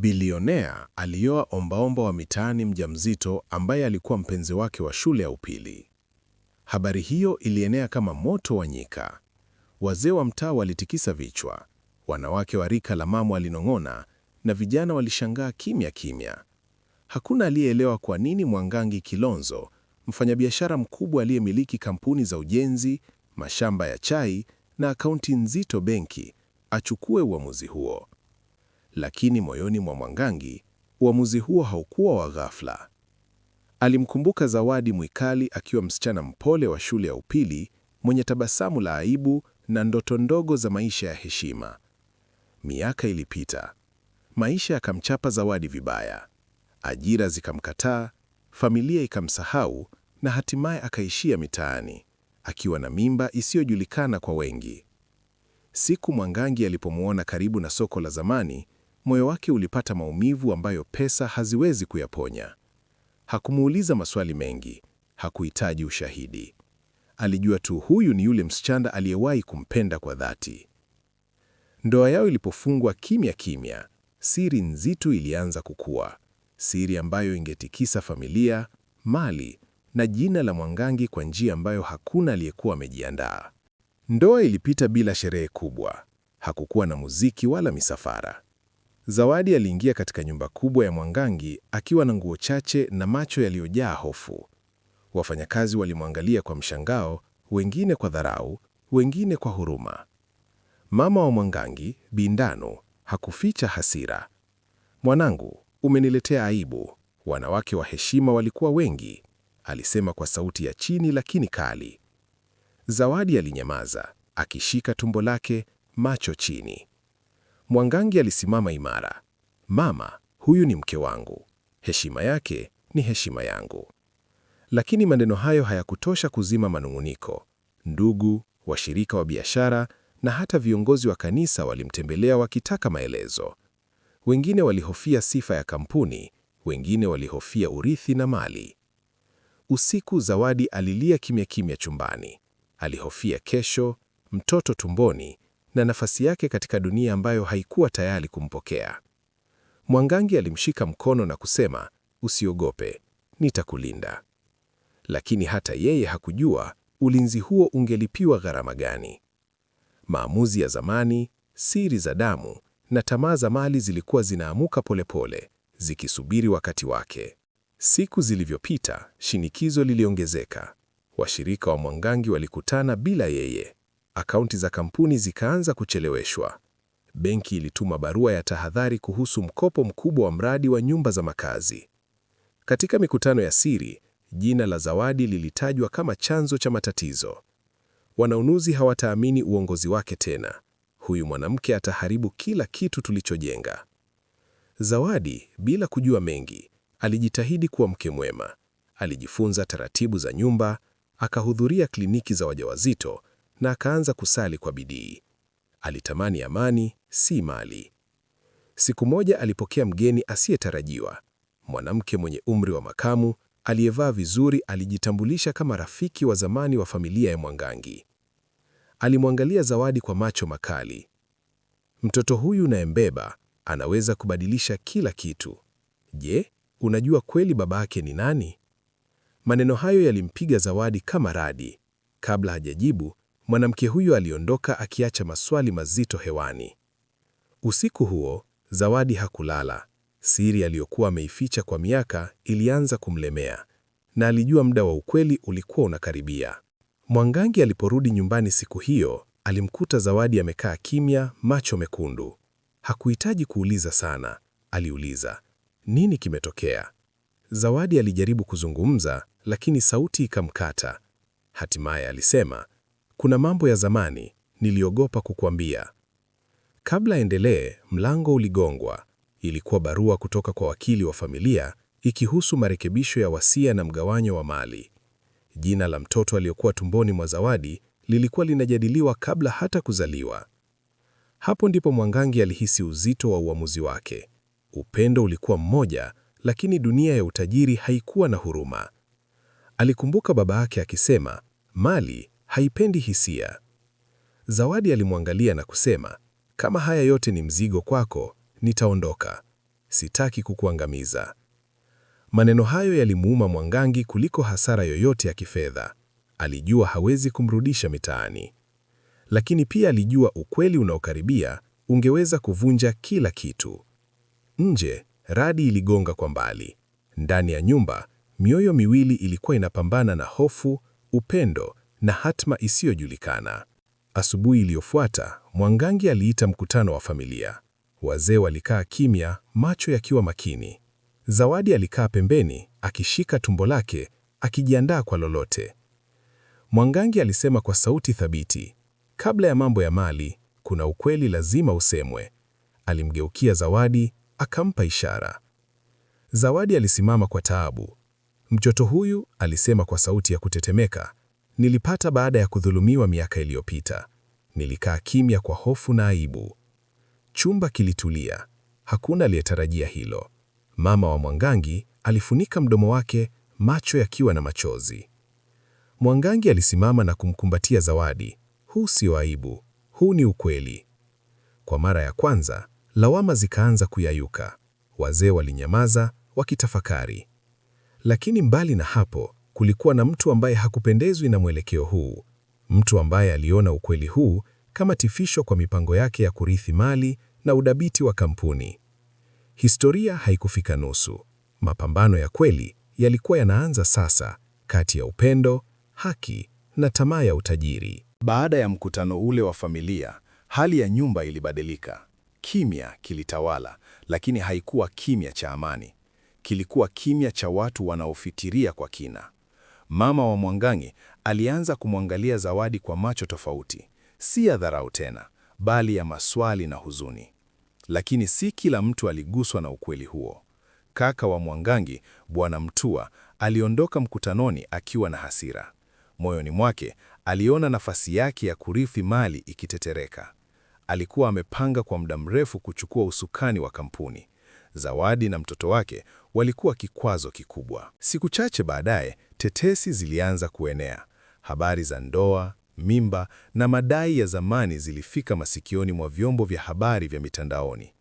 Bilionea alioa ombaomba wa mitaani mjamzito ambaye alikuwa mpenzi wake wa shule ya upili. Habari hiyo ilienea kama moto wa nyika. Wazee wa mtaa walitikisa vichwa, wanawake wa rika la mama walinong'ona, na vijana walishangaa kimya kimya. Hakuna aliyeelewa kwa nini Mwangangi Kilonzo, mfanyabiashara mkubwa aliyemiliki kampuni za ujenzi, mashamba ya chai na akaunti nzito benki, achukue uamuzi huo. Lakini moyoni mwa Mwangangi uamuzi huo haukuwa wa ghafla. Alimkumbuka Zawadi Mwikali akiwa msichana mpole wa shule ya upili mwenye tabasamu la aibu na ndoto ndogo za maisha ya heshima. Miaka ilipita, maisha yakamchapa Zawadi vibaya, ajira zikamkataa, familia ikamsahau, na hatimaye akaishia mitaani akiwa na mimba isiyojulikana kwa wengi. Siku Mwangangi alipomwona karibu na soko la zamani, moyo wake ulipata maumivu ambayo pesa haziwezi kuyaponya. Hakumuuliza maswali mengi, hakuhitaji ushahidi. Alijua tu huyu ni yule msichana aliyewahi kumpenda kwa dhati. Ndoa yao ilipofungwa kimya kimya, siri nzito ilianza kukua, siri ambayo ingetikisa familia, mali na jina la Mwangangi kwa njia ambayo hakuna aliyekuwa amejiandaa. Ndoa ilipita bila sherehe kubwa. Hakukuwa na muziki wala misafara. Zawadi aliingia katika nyumba kubwa ya Mwangangi akiwa na nguo chache na macho yaliyojaa hofu. Wafanyakazi walimwangalia kwa mshangao, wengine kwa dharau, wengine kwa huruma. Mama wa Mwangangi, Bindano, hakuficha hasira. Mwanangu, umeniletea aibu. Wanawake wa heshima walikuwa wengi, alisema kwa sauti ya chini lakini kali. Zawadi alinyamaza, akishika tumbo lake, macho chini. Mwangangi alisimama imara. Mama, huyu ni mke wangu, heshima yake ni heshima yangu. Lakini maneno hayo hayakutosha kuzima manung'uniko. Ndugu, washirika wa biashara na hata viongozi wa kanisa walimtembelea wakitaka maelezo. Wengine walihofia sifa ya kampuni, wengine walihofia urithi na mali. Usiku Zawadi alilia kimya kimya chumbani. Alihofia kesho, mtoto tumboni na nafasi yake katika dunia ambayo haikuwa tayari kumpokea. Mwangangi alimshika mkono na kusema, usiogope, nitakulinda. Lakini hata yeye hakujua ulinzi huo ungelipiwa gharama gani. Maamuzi ya zamani, siri za damu na tamaa za mali zilikuwa zinaamuka polepole, zikisubiri wakati wake. Siku zilivyopita, shinikizo liliongezeka. Washirika wa Mwangangi walikutana bila yeye akaunti za kampuni zikaanza kucheleweshwa. Benki ilituma barua ya tahadhari kuhusu mkopo mkubwa wa mradi wa nyumba za makazi. Katika mikutano ya siri, jina la Zawadi lilitajwa kama chanzo cha matatizo. Wanaunuzi hawataamini uongozi wake tena. Huyu mwanamke ataharibu kila kitu tulichojenga. Zawadi, bila kujua mengi, alijitahidi kuwa mke mwema. Alijifunza taratibu za nyumba, akahudhuria kliniki za wajawazito na akaanza kusali kwa bidii. Alitamani amani, si mali. Siku moja alipokea mgeni asiyetarajiwa, mwanamke mwenye umri wa makamu aliyevaa vizuri. Alijitambulisha kama rafiki wa zamani wa familia ya Mwangangi. Alimwangalia Zawadi kwa macho makali. Mtoto huyu nayembeba anaweza kubadilisha kila kitu. Je, unajua kweli babake ni nani? Maneno hayo yalimpiga Zawadi kama radi. Kabla hajajibu, mwanamke huyo aliondoka akiacha maswali mazito hewani. Usiku huo Zawadi hakulala. Siri aliyokuwa ameificha kwa miaka ilianza kumlemea, na alijua muda wa ukweli ulikuwa unakaribia. Mwangangi aliporudi nyumbani siku hiyo, alimkuta Zawadi amekaa kimya, macho mekundu. Hakuhitaji kuuliza sana, aliuliza, nini kimetokea? Zawadi alijaribu kuzungumza, lakini sauti ikamkata. Hatimaye alisema, kuna mambo ya zamani niliogopa kukuambia. Kabla endelee, mlango uligongwa. Ilikuwa barua kutoka kwa wakili wa familia ikihusu marekebisho ya wasia na mgawanyo wa mali. Jina la mtoto aliyokuwa tumboni mwa Zawadi lilikuwa linajadiliwa kabla hata kuzaliwa. Hapo ndipo Mwangangi alihisi uzito wa uamuzi wake. Upendo ulikuwa mmoja, lakini dunia ya utajiri haikuwa na huruma. Alikumbuka baba yake akisema, mali haipendi hisia. Zawadi alimwangalia na kusema, kama haya yote ni mzigo kwako, nitaondoka. Sitaki kukuangamiza. Maneno hayo yalimuuma Mwangangi kuliko hasara yoyote ya kifedha. Alijua hawezi kumrudisha mitaani, lakini pia alijua ukweli unaokaribia ungeweza kuvunja kila kitu. Nje radi iligonga kwa mbali. Ndani ya nyumba mioyo miwili ilikuwa inapambana na hofu, upendo na hatma isiyojulikana. Asubuhi iliyofuata, Mwangangi aliita mkutano wa familia. Wazee walikaa kimya, macho yakiwa makini. Zawadi alikaa pembeni, akishika tumbo lake, akijiandaa kwa lolote. Mwangangi alisema kwa sauti thabiti, kabla ya mambo ya mali, kuna ukweli lazima usemwe. Alimgeukia Zawadi, akampa ishara. Zawadi alisimama kwa taabu. Mtoto huyu, alisema kwa sauti ya kutetemeka, nilipata baada ya kudhulumiwa miaka iliyopita. Nilikaa kimya kwa hofu na aibu. Chumba kilitulia, hakuna aliyetarajia hilo. Mama wa Mwangangi alifunika mdomo wake, macho yakiwa na machozi. Mwangangi alisimama na kumkumbatia Zawadi. Huu sio aibu, huu ni ukweli. Kwa mara ya kwanza, lawama zikaanza kuyayuka. Wazee walinyamaza wakitafakari. Lakini mbali na hapo, kulikuwa na mtu ambaye hakupendezwi na mwelekeo huu, mtu ambaye aliona ukweli huu kama tifisho kwa mipango yake ya kurithi mali na udabiti wa kampuni. Historia haikufika nusu. Mapambano ya kweli yalikuwa yanaanza sasa, kati ya upendo, haki na tamaa ya utajiri. Baada ya mkutano ule wa familia, hali ya nyumba ilibadilika. Kimya kilitawala, lakini haikuwa kimya cha amani. Kilikuwa kimya cha watu wanaofikiria kwa kina. Mama wa Mwangangi alianza kumwangalia Zawadi kwa macho tofauti, si ya dharau tena, bali ya maswali na huzuni. Lakini si kila mtu aliguswa na ukweli huo. Kaka wa Mwangangi, Bwana Mtua, aliondoka mkutanoni akiwa na hasira. Moyoni mwake aliona nafasi yake ya kurithi mali ikitetereka. Alikuwa amepanga kwa muda mrefu kuchukua usukani wa kampuni, Zawadi na mtoto wake walikuwa kikwazo kikubwa. Siku chache baadaye, tetesi zilianza kuenea. Habari za ndoa, mimba na madai ya zamani zilifika masikioni mwa vyombo vya habari vya mitandaoni.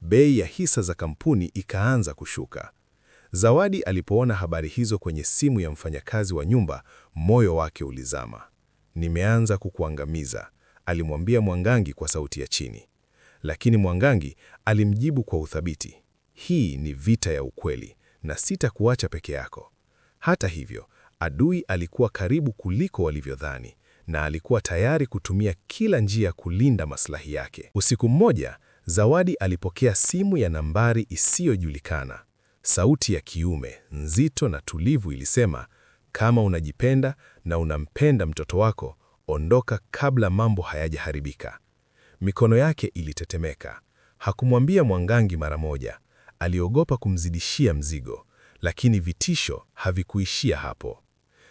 Bei ya hisa za kampuni ikaanza kushuka. Zawadi alipoona habari hizo kwenye simu ya mfanyakazi wa nyumba, moyo wake ulizama. Nimeanza kukuangamiza, alimwambia Mwangangi kwa sauti ya chini. Lakini Mwangangi alimjibu kwa uthabiti. Hii ni vita ya ukweli na sitakuacha peke yako. Hata hivyo, adui alikuwa karibu kuliko walivyodhani na alikuwa tayari kutumia kila njia kulinda maslahi yake. Usiku mmoja, Zawadi alipokea simu ya nambari isiyojulikana. Sauti ya kiume nzito na tulivu ilisema, kama unajipenda na unampenda mtoto wako, ondoka kabla mambo hayajaharibika. Mikono yake ilitetemeka. Hakumwambia Mwangangi mara moja, Aliogopa kumzidishia mzigo, lakini vitisho havikuishia hapo.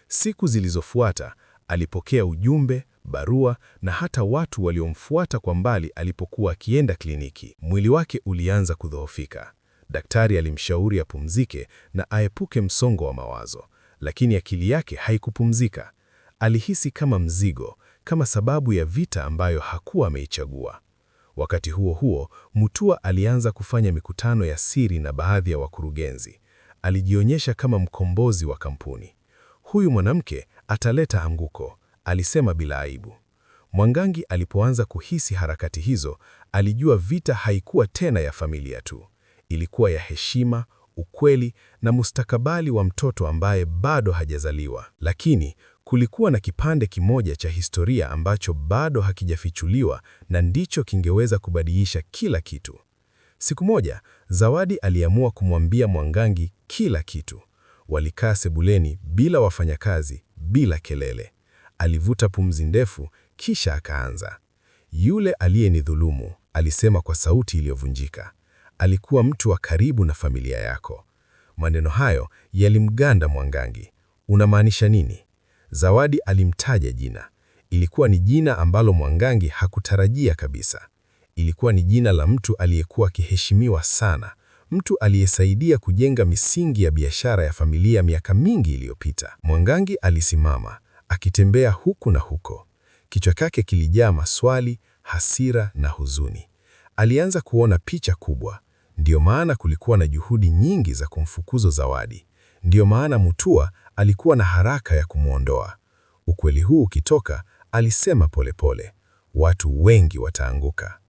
Siku zilizofuata alipokea ujumbe, barua na hata watu waliomfuata kwa mbali alipokuwa akienda kliniki. Mwili wake ulianza kudhoofika. Daktari alimshauri apumzike na aepuke msongo wa mawazo, lakini akili yake haikupumzika. Alihisi kama mzigo, kama sababu ya vita ambayo hakuwa ameichagua. Wakati huo huo, Mutua alianza kufanya mikutano ya siri na baadhi ya wakurugenzi. Alijionyesha kama mkombozi wa kampuni. Huyu mwanamke ataleta anguko, alisema bila aibu. Mwangangi alipoanza kuhisi harakati hizo, alijua vita haikuwa tena ya familia tu. Ilikuwa ya heshima, ukweli na mustakabali wa mtoto ambaye bado hajazaliwa. Lakini Kulikuwa na kipande kimoja cha historia ambacho bado hakijafichuliwa na ndicho kingeweza kubadilisha kila kitu. Siku moja, Zawadi aliamua kumwambia Mwangangi kila kitu. Walikaa sebuleni bila wafanyakazi, bila kelele. Alivuta pumzi ndefu, kisha akaanza. Yule aliyenidhulumu, alisema kwa sauti iliyovunjika. Alikuwa mtu wa karibu na familia yako. Maneno hayo yalimganda Mwangangi. Unamaanisha nini? Zawadi alimtaja jina. Ilikuwa ni jina ambalo Mwangangi hakutarajia kabisa. Ilikuwa ni jina la mtu aliyekuwa akiheshimiwa sana, mtu aliyesaidia kujenga misingi ya biashara ya familia miaka mingi iliyopita. Mwangangi alisimama akitembea huku na huko. Kichwa chake kilijaa maswali, hasira na huzuni. Alianza kuona picha kubwa. Ndiyo maana kulikuwa na juhudi nyingi za kumfukuza Zawadi. Ndiyo maana Mutua alikuwa na haraka ya kumwondoa. Ukweli huu ukitoka, alisema polepole pole, watu wengi wataanguka.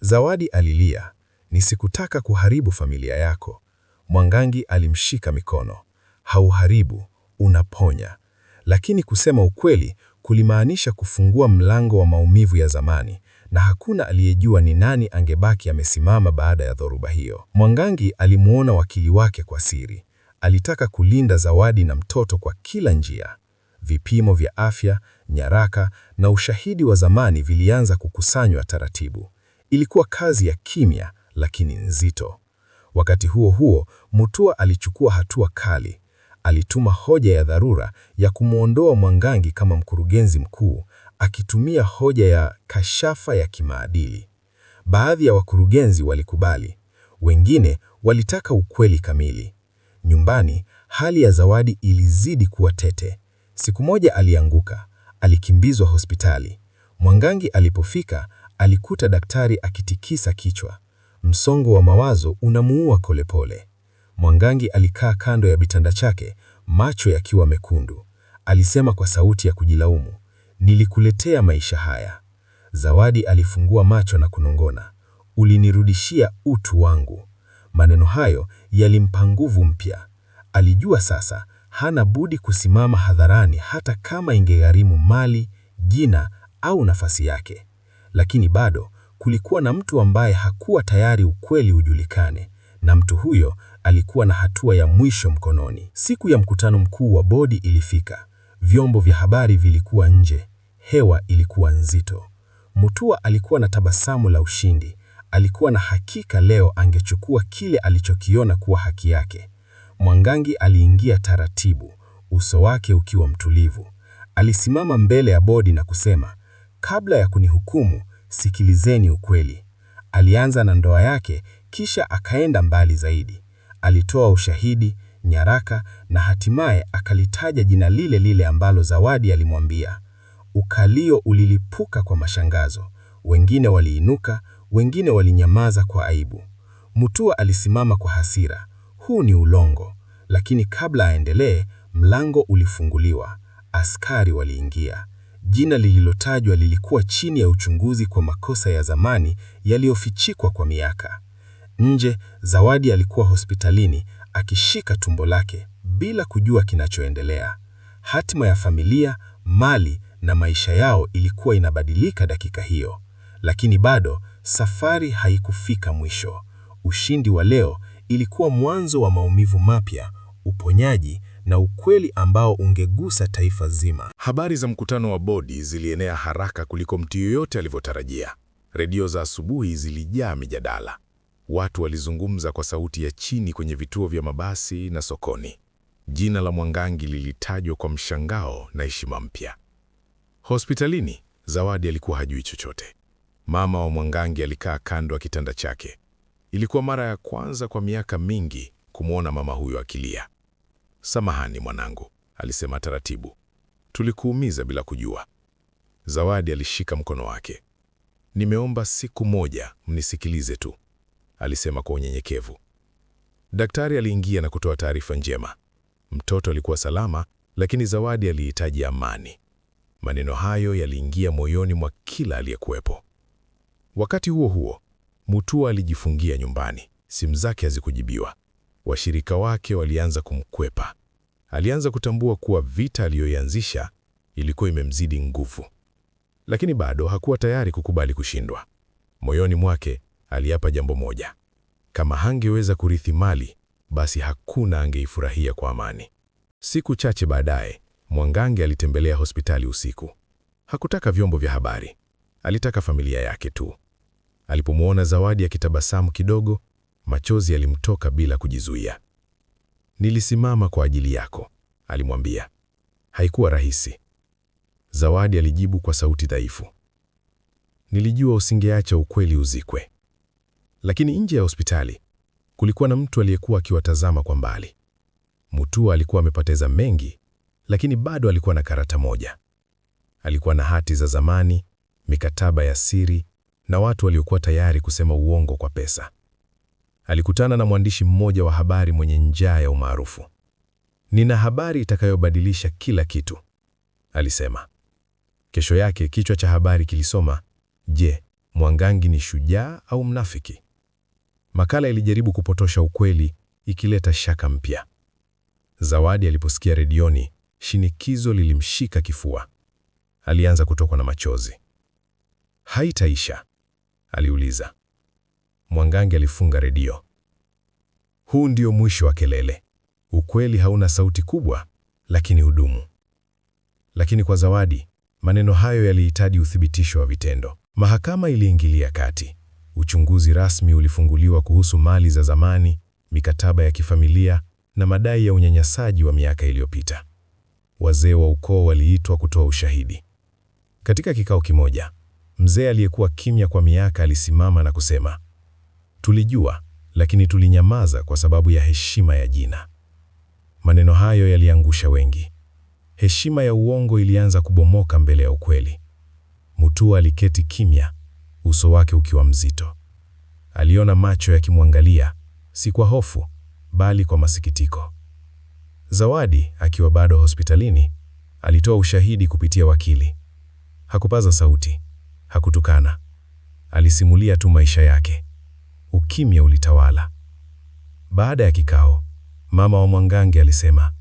Zawadi alilia, nisikutaka kuharibu familia yako. Mwangangi alimshika mikono, hauharibu, unaponya. Lakini kusema ukweli kulimaanisha kufungua mlango wa maumivu ya zamani, na hakuna aliyejua ni nani angebaki amesimama baada ya dhoruba hiyo. Mwangangi alimuona wakili wake kwa siri. Alitaka kulinda Zawadi na mtoto kwa kila njia. Vipimo vya afya, nyaraka na ushahidi wa zamani vilianza kukusanywa taratibu. Ilikuwa kazi ya kimya lakini nzito. Wakati huo huo, Mutua alichukua hatua kali. Alituma hoja ya dharura ya kumwondoa Mwangangi kama mkurugenzi mkuu, akitumia hoja ya kashafa ya kimaadili. Baadhi ya wakurugenzi walikubali, wengine walitaka ukweli kamili. Nyumbani, hali ya Zawadi ilizidi kuwa tete. Siku moja alianguka, alikimbizwa hospitali. Mwangangi alipofika, alikuta daktari akitikisa kichwa. Msongo wa mawazo unamuua polepole. Mwangangi alikaa kando ya kitanda chake, macho yakiwa mekundu. Alisema kwa sauti ya kujilaumu, nilikuletea maisha haya. Zawadi alifungua macho na kunong'ona, ulinirudishia utu wangu. Maneno hayo yalimpa nguvu mpya. Alijua sasa hana budi kusimama hadharani hata kama ingegharimu mali, jina au nafasi yake. Lakini bado kulikuwa na mtu ambaye hakuwa tayari ukweli ujulikane, na mtu huyo alikuwa na hatua ya mwisho mkononi. Siku ya mkutano mkuu wa bodi ilifika. Vyombo vya habari vilikuwa nje, hewa ilikuwa nzito. Mutua alikuwa na tabasamu la ushindi, Alikuwa na hakika leo angechukua kile alichokiona kuwa haki yake. Mwangangi aliingia taratibu, uso wake ukiwa mtulivu. Alisimama mbele ya bodi na kusema, kabla ya kunihukumu, sikilizeni ukweli. Alianza na ndoa yake, kisha akaenda mbali zaidi. Alitoa ushahidi, nyaraka na hatimaye akalitaja jina lile lile ambalo Zawadi alimwambia. Ukalio ulilipuka kwa mashangazo. Wengine waliinuka, wengine walinyamaza kwa aibu. Mutua alisimama kwa hasira, huu ni ulongo. Lakini kabla aendelee, mlango ulifunguliwa. Askari waliingia. Jina lililotajwa lilikuwa chini ya uchunguzi kwa makosa ya zamani yaliyofichikwa kwa miaka. Nje, Zawadi alikuwa hospitalini akishika tumbo lake bila kujua kinachoendelea. Hatima ya familia, mali na maisha yao ilikuwa inabadilika dakika hiyo, lakini bado Safari haikufika mwisho. Ushindi wa leo ilikuwa mwanzo wa maumivu mapya, uponyaji na ukweli ambao ungegusa taifa zima. Habari za mkutano wa bodi zilienea haraka kuliko mtu yoyote alivyotarajia. Redio za asubuhi zilijaa mijadala. Watu walizungumza kwa sauti ya chini kwenye vituo vya mabasi na sokoni. Jina la Mwangangi lilitajwa kwa mshangao na heshima mpya. Hospitalini, Zawadi alikuwa hajui chochote. Mama wa Mwangangi alikaa kando ya kitanda chake. Ilikuwa mara ya kwanza kwa miaka mingi kumwona mama huyo akilia. Samahani mwanangu, alisema taratibu, tulikuumiza bila kujua. Zawadi alishika mkono wake. Nimeomba siku moja mnisikilize tu, alisema kwa unyenyekevu. Daktari aliingia na kutoa taarifa njema. Mtoto alikuwa salama, lakini Zawadi alihitaji amani. Maneno hayo yaliingia moyoni mwa kila aliyekuwepo. Wakati huo huo, Mutua alijifungia nyumbani, simu zake hazikujibiwa. Washirika wake walianza kumkwepa. Alianza kutambua kuwa vita aliyoianzisha ilikuwa imemzidi nguvu, lakini bado hakuwa tayari kukubali kushindwa. Moyoni mwake aliapa jambo moja: kama hangeweza kurithi mali, basi hakuna angeifurahia kwa amani. Siku chache baadaye, Mwangange alitembelea hospitali usiku. Hakutaka vyombo vya habari, Alitaka familia yake tu. Alipomwona Zawadi akitabasamu kidogo, machozi yalimtoka bila kujizuia. Nilisimama kwa ajili yako, alimwambia. Haikuwa rahisi. Zawadi alijibu kwa sauti dhaifu. Nilijua usingeacha ukweli uzikwe. Lakini nje ya hospitali kulikuwa na mtu aliyekuwa akiwatazama kwa mbali. Mutua alikuwa amepoteza mengi, lakini bado alikuwa na karata moja. Alikuwa na hati za zamani, mikataba ya siri na watu waliokuwa tayari kusema uongo kwa pesa. Alikutana na mwandishi mmoja wa habari mwenye njaa ya umaarufu. Nina habari itakayobadilisha kila kitu, alisema. Kesho yake kichwa cha habari kilisoma, Je, Mwangangi ni shujaa au mnafiki? Makala ilijaribu kupotosha ukweli, ikileta shaka mpya. Zawadi aliposikia redioni, shinikizo lilimshika kifua. Alianza kutokwa na machozi haitaisha? aliuliza. Mwangange alifunga redio. Huu ndio mwisho wa kelele. Ukweli hauna sauti kubwa, lakini hudumu. Lakini kwa Zawadi, maneno hayo yalihitaji uthibitisho wa vitendo. Mahakama iliingilia kati. Uchunguzi rasmi ulifunguliwa kuhusu mali za zamani, mikataba ya kifamilia na madai ya unyanyasaji wa miaka iliyopita. Wazee wa ukoo waliitwa kutoa ushahidi. Katika kikao kimoja, Mzee aliyekuwa kimya kwa miaka alisimama na kusema, tulijua, lakini tulinyamaza kwa sababu ya heshima ya jina. Maneno hayo yaliangusha wengi. Heshima ya uongo ilianza kubomoka mbele ya ukweli. Mutua aliketi kimya, uso wake ukiwa mzito. Aliona macho yakimwangalia, si kwa hofu, bali kwa masikitiko. Zawadi, akiwa bado hospitalini, alitoa ushahidi kupitia wakili. Hakupaza sauti, Hakutukana, alisimulia tu maisha yake. Ukimya ulitawala. Baada ya kikao, mama wa Mwangange alisema,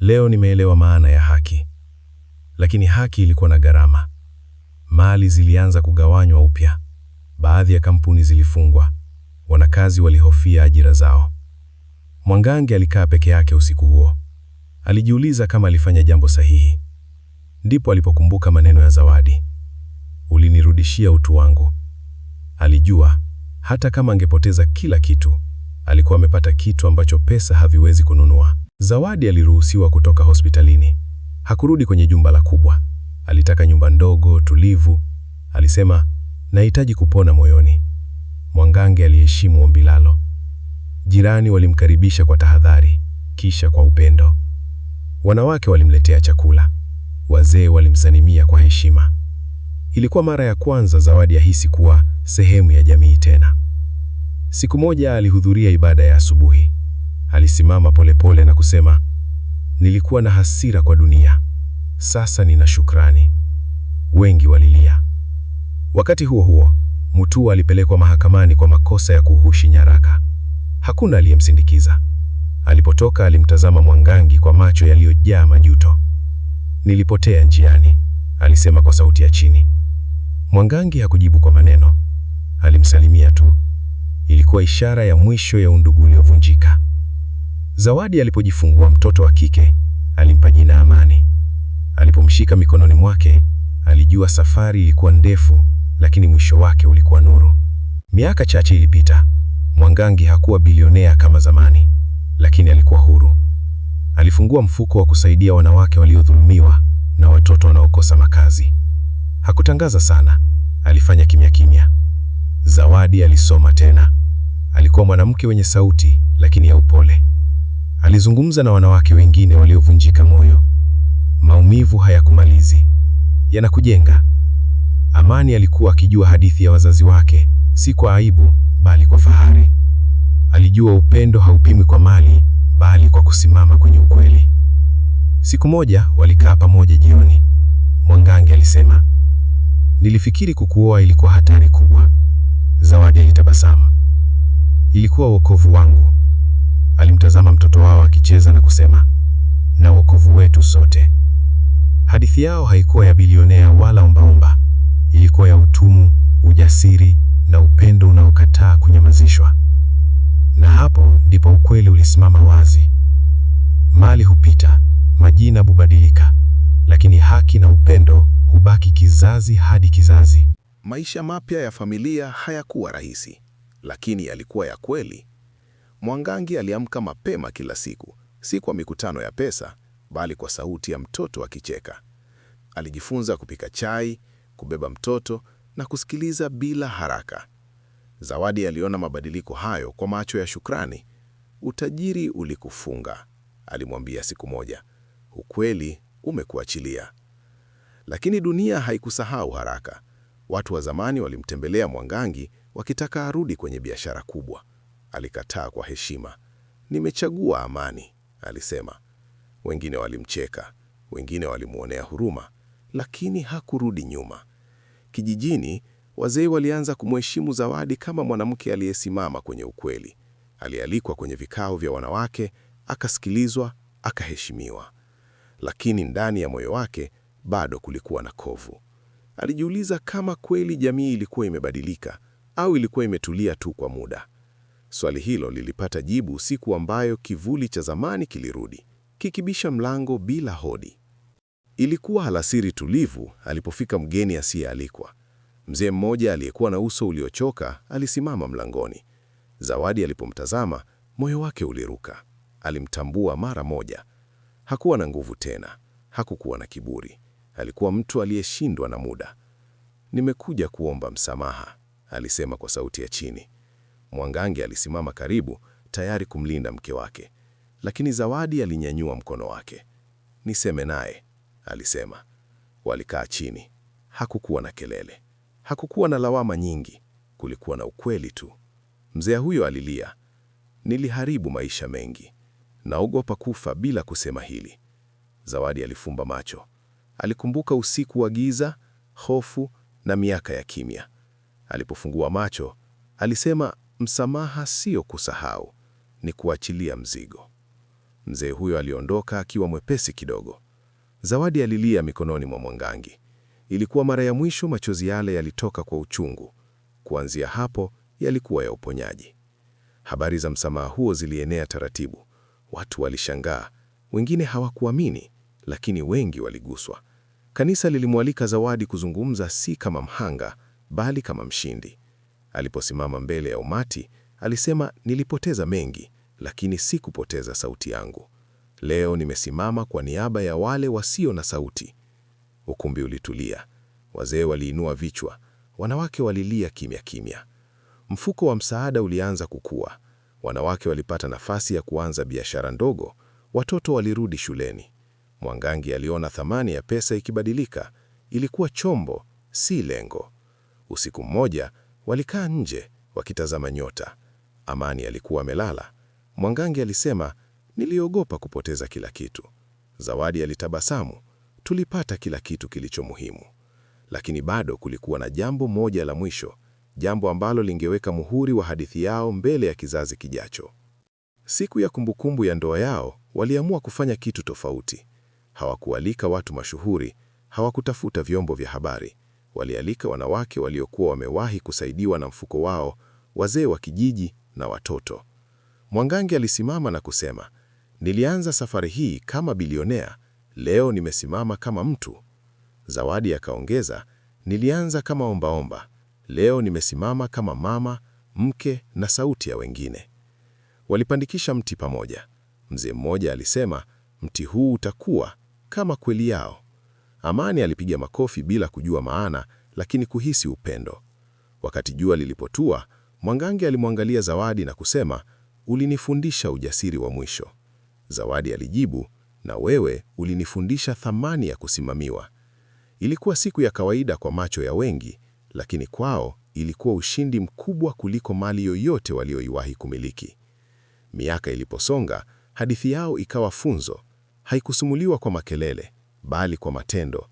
leo nimeelewa maana ya haki, lakini haki ilikuwa na gharama. Mali zilianza kugawanywa upya, baadhi ya kampuni zilifungwa, wanakazi walihofia ajira zao. Mwangange alikaa peke yake usiku huo, alijiuliza kama alifanya jambo sahihi. Ndipo alipokumbuka maneno ya Zawadi, ulinirudishia utu wangu. Alijua hata kama angepoteza kila kitu, alikuwa amepata kitu ambacho pesa haviwezi kununua. Zawadi aliruhusiwa kutoka hospitalini. Hakurudi kwenye jumba la kubwa, alitaka nyumba ndogo tulivu. Alisema, nahitaji kupona moyoni. Mwangange aliheshimu ombi lalo. Jirani walimkaribisha kwa tahadhari, kisha kwa upendo. Wanawake walimletea chakula, wazee walimsalimia kwa heshima. Ilikuwa mara ya kwanza Zawadi ahisi kuwa sehemu ya jamii tena. Siku moja alihudhuria ibada ya asubuhi. Alisimama polepole pole na kusema, nilikuwa na hasira kwa dunia, sasa nina shukrani. Wengi walilia. Wakati huo huo, Mutua alipelekwa mahakamani kwa makosa ya kuhushi nyaraka. Hakuna aliyemsindikiza. Alipotoka alimtazama Mwangangi kwa macho yaliyojaa majuto. Nilipotea njiani, alisema kwa sauti ya chini. Mwangangi hakujibu kwa maneno, alimsalimia tu. Ilikuwa ishara ya mwisho ya undugu uliovunjika. Zawadi alipojifungua mtoto wa kike alimpa jina Amani. Alipomshika mikononi mwake alijua safari ilikuwa ndefu, lakini mwisho wake ulikuwa nuru. Miaka chache ilipita. Mwangangi hakuwa bilionea kama zamani, lakini alikuwa huru. Alifungua mfuko wa kusaidia wanawake waliodhulumiwa na watoto wanaokosa makazi. Hakutangaza sana, alifanya kimya kimya. Zawadi alisoma tena. Alikuwa mwanamke wenye sauti lakini ya upole. Alizungumza na wanawake wengine waliovunjika moyo. Maumivu hayakumalizi, yanakujenga. Amani alikuwa akijua hadithi ya wazazi wake, si kwa aibu, bali kwa fahari. Alijua upendo haupimwi kwa mali, bali kwa kusimama kwenye ukweli. Siku moja walikaa pamoja jioni. Mwangange alisema Nilifikiri kukuoa ilikuwa hatari kubwa. Zawadi alitabasamu. Ilikuwa wokovu wangu. Alimtazama mtoto wao akicheza na kusema, na wokovu wetu sote. Hadithi yao haikuwa ya bilionea wala ombaomba. Ilikuwa ya utumu, ujasiri na upendo unaokataa kunyamazishwa. Na hapo ndipo ukweli ulisimama wazi. Mali hupita, majina hubadilika, lakini haki na upendo kubaki kizazi hadi kizazi. Maisha mapya ya familia hayakuwa rahisi, lakini yalikuwa ya kweli. Mwangangi aliamka mapema kila siku, si kwa mikutano ya pesa, bali kwa sauti ya mtoto akicheka. Alijifunza kupika chai, kubeba mtoto na kusikiliza bila haraka. Zawadi aliona mabadiliko hayo kwa macho ya shukrani. Utajiri ulikufunga, alimwambia siku moja. Ukweli umekuachilia. Lakini dunia haikusahau haraka. Watu wa zamani walimtembelea Mwangangi wakitaka arudi kwenye biashara kubwa. Alikataa kwa heshima. Nimechagua amani, alisema. Wengine walimcheka, wengine walimwonea huruma, lakini hakurudi nyuma. Kijijini, wazee walianza kumheshimu Zawadi kama mwanamke aliyesimama kwenye ukweli. Alialikwa kwenye vikao vya wanawake, akasikilizwa, akaheshimiwa. Lakini ndani ya moyo wake bado kulikuwa na kovu. Alijiuliza kama kweli jamii ilikuwa imebadilika au ilikuwa imetulia tu kwa muda. Swali hilo lilipata jibu siku ambayo kivuli cha zamani kilirudi, kikibisha mlango bila hodi. Ilikuwa alasiri tulivu alipofika mgeni asiyealikwa. Mzee mmoja aliyekuwa na uso uliochoka alisimama mlangoni. Zawadi alipomtazama, moyo wake uliruka. Alimtambua mara moja. Hakuwa na nguvu tena, hakukuwa na kiburi, Alikuwa mtu aliyeshindwa na muda. Nimekuja kuomba msamaha, alisema kwa sauti ya chini. Mwangange alisimama karibu, tayari kumlinda mke wake, lakini Zawadi alinyanyua mkono wake. Niseme naye, alisema. Walikaa chini. Hakukuwa na kelele, hakukuwa na lawama nyingi, kulikuwa na ukweli tu. Mzee huyo alilia, niliharibu maisha mengi, naogopa kufa bila kusema hili. Zawadi alifumba macho. Alikumbuka usiku wa giza, hofu na miaka ya kimya. Alipofungua macho, alisema msamaha sio kusahau, ni kuachilia mzigo. Mzee huyo aliondoka akiwa mwepesi kidogo. Zawadi alilia mikononi mwa Mwangangi. Ilikuwa mara ya mwisho machozi yale yalitoka kwa uchungu. Kuanzia hapo yalikuwa ya uponyaji. Habari za msamaha huo zilienea taratibu. Watu walishangaa, wengine hawakuamini, lakini wengi waliguswa. Kanisa lilimwalika Zawadi kuzungumza si kama mhanga, bali kama mshindi. Aliposimama mbele ya umati, alisema, nilipoteza mengi, lakini sikupoteza sauti yangu. Leo nimesimama kwa niaba ya wale wasio na sauti. Ukumbi ulitulia. Wazee waliinua vichwa, wanawake walilia kimya kimya. Mfuko wa msaada ulianza kukua. Wanawake walipata nafasi ya kuanza biashara ndogo, watoto walirudi shuleni. Mwangangi aliona thamani ya pesa ikibadilika. Ilikuwa chombo, si lengo. Usiku mmoja walikaa nje wakitazama nyota. Amani alikuwa amelala. Mwangangi alisema, niliogopa kupoteza kila kitu. Zawadi alitabasamu, tulipata kila kitu kilicho muhimu. Lakini bado kulikuwa na jambo moja la mwisho, jambo ambalo lingeweka muhuri wa hadithi yao mbele ya kizazi kijacho. Siku ya kumbukumbu ya ndoa yao, waliamua kufanya kitu tofauti. Hawakualika watu mashuhuri, hawakutafuta vyombo vya habari. Walialika wanawake waliokuwa wamewahi kusaidiwa na mfuko wao, wazee wa kijiji na watoto. Mwangangi alisimama na kusema, nilianza safari hii kama bilionea, leo nimesimama kama mtu. Zawadi akaongeza, nilianza kama ombaomba, leo nimesimama kama mama, mke na sauti ya wengine. Walipandikisha mti pamoja. Mzee mmoja alisema, mti huu utakuwa kama kweli yao. Amani alipiga makofi bila kujua maana, lakini kuhisi upendo. Wakati jua lilipotua, Mwangange alimwangalia Zawadi na kusema, ulinifundisha ujasiri wa mwisho. Zawadi alijibu, na wewe ulinifundisha thamani ya kusimamiwa. Ilikuwa siku ya kawaida kwa macho ya wengi, lakini kwao ilikuwa ushindi mkubwa kuliko mali yoyote walioiwahi kumiliki. Miaka iliposonga, hadithi yao ikawa funzo, haikusumuliwa kwa makelele, bali kwa matendo.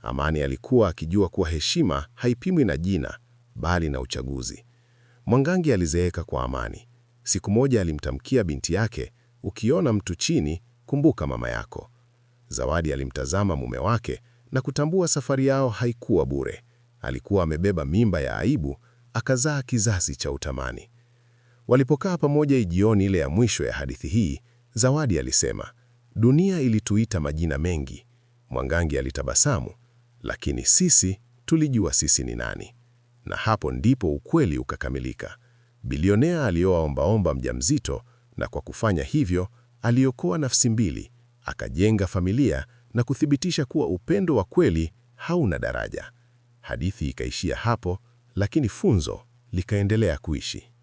Amani alikuwa akijua kuwa heshima haipimwi na jina, bali na uchaguzi. Mwangangi alizeeka kwa Amani. Siku moja alimtamkia binti yake, ukiona mtu chini, kumbuka mama yako. Zawadi alimtazama mume wake na kutambua safari yao haikuwa bure. Alikuwa amebeba mimba ya aibu, akazaa kizazi cha utamani. Walipokaa pamoja ijioni ile ya mwisho ya hadithi hii, Zawadi alisema, Dunia ilituita majina mengi. Mwangangi alitabasamu, lakini sisi tulijua sisi ni nani. Na hapo ndipo ukweli ukakamilika. Bilionea alioa ombaomba mjamzito, na kwa kufanya hivyo aliokoa nafsi mbili, akajenga familia na kuthibitisha kuwa upendo wa kweli hauna daraja. Hadithi ikaishia hapo, lakini funzo likaendelea kuishi.